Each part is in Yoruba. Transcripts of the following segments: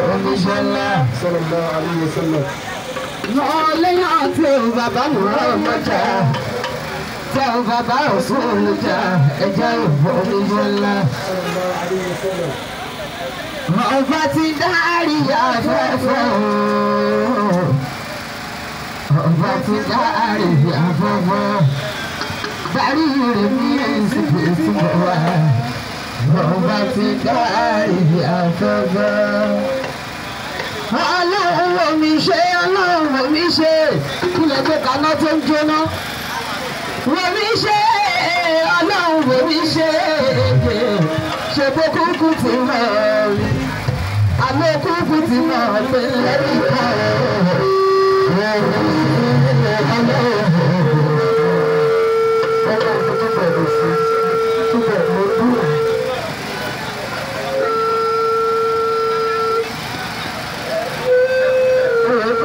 oníṣẹ́ ńlá. sallallahu alaihi wasallam. lọ lẹ́yìn àti ẹ̀rù bàbá wúrọ̀ ọmọjà tẹ ọ bàbá ọ̀sùn olùjà ẹja ìbò oníṣẹ́ ńlá. sallallahu alaihi wasallam. ọba ti dárí afẹ́fẹ́ ooo ọba ti dárí afẹ́fẹ́ dárí rẹ̀ ní èsì èsì bọ̀ wá ọba ti dárí afẹ́fẹ́ mi ṣe ọlọ́run wò mí ṣe kílẹ̀ tó kaná tó ń jóná wò mí ṣe ọlọ́run wò mí ṣe ṣe kó kúkú ti mọ̀ àmọ́ kúkú ti mọ̀ pé lẹ́yìn kan ọlọ́run tó bẹ̀rẹ̀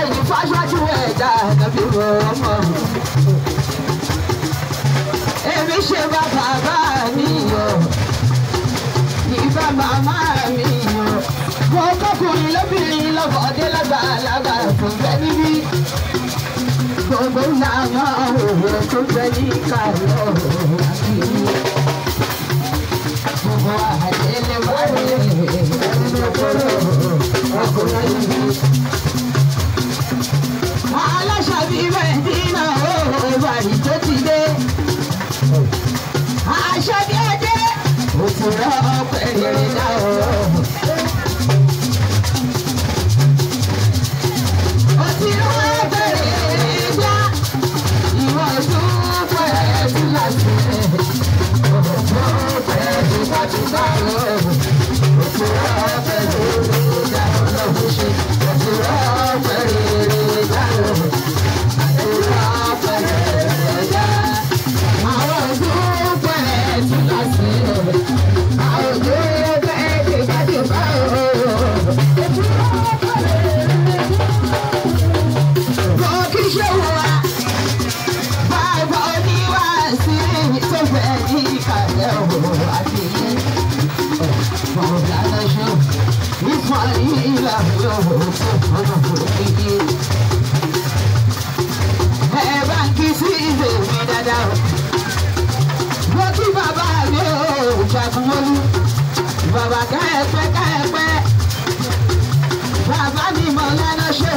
ẹ̀yìn fáṣájú ẹ̀dá tàbí mọ̀ọ́mọ́. Èmi ṣe bá bàbá mi yọ, ìbá màmá mi yọ. Mo kọ́kùnrin lóbìnrin lọ́bọ̀dé lágbàlagbà tó fẹ́ níbí. Gbogbo làwọn òwò tó fẹ́ ní kàlọ́ àbí. Gbogbo àdélé wáyé ẹni lókòrò. láàárọ̀ ọ̀rọ̀ gidi. ẹ bá ń kí sí ìwé mi dáadáa o. mo kí bàbá mi ò jagunmólú. bàbá ká ẹ pẹ́ ká ẹ pẹ́. bàbá mi mọ̀ lẹ́nu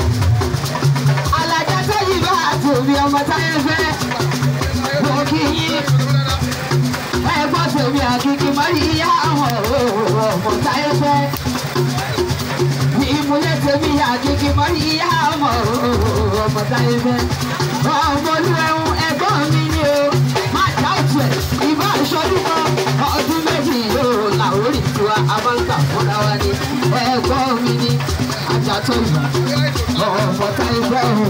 táyé fẹ́. ọmọlúwẹ̀hún ẹ̀gbọ́n mi ni o má dá òtù ẹ̀ ìbá ìṣọdún kan ọdún méjì yóò làwórì tiwa abáńkà fúnra wa ni ẹ̀gbọ́n mi ni àjàtọ̀ ìgbà ọmọ táyé fẹ́ o.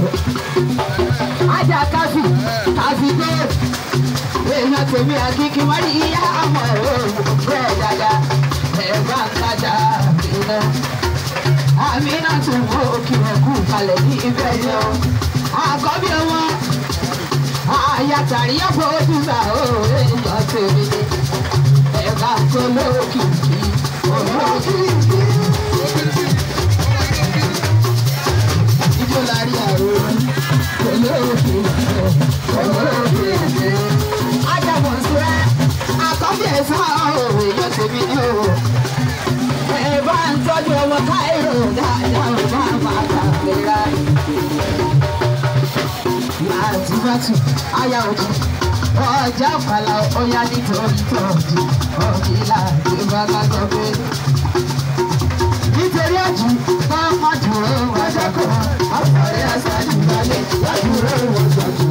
ajá káfí káfí dé èèyàn tèmi àkíkí wọ́n rí ìyá àmọ́ ẹ̀rọ bẹ́ẹ̀ dáadáa ẹ̀gbá kájà ìná àmì náà tún wọ́n òkè ẹ̀kú kalẹ̀ ní ibẹ̀ yẹn o àgọ́bí wọn àyàtàrí ọ̀pọ̀ ojú bá òun èèyàn tèmi ẹ̀ka kólóòwò. àti bàtù àyà òdì ọjà fàlà ọyá nítorí tọ́ọ̀dì ọ̀gìlà ìbáragbọ́ pé. nítorí àjù bá má dúró wájà kan àfàrẹ́ àṣà jù lálẹ́ wájú rẹ̀ wọ́n sọ̀tún.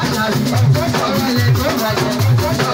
Àjàjà rí, ọ̀gbẹ́lẹ̀ tó bàjẹ́, tó bàjẹ́.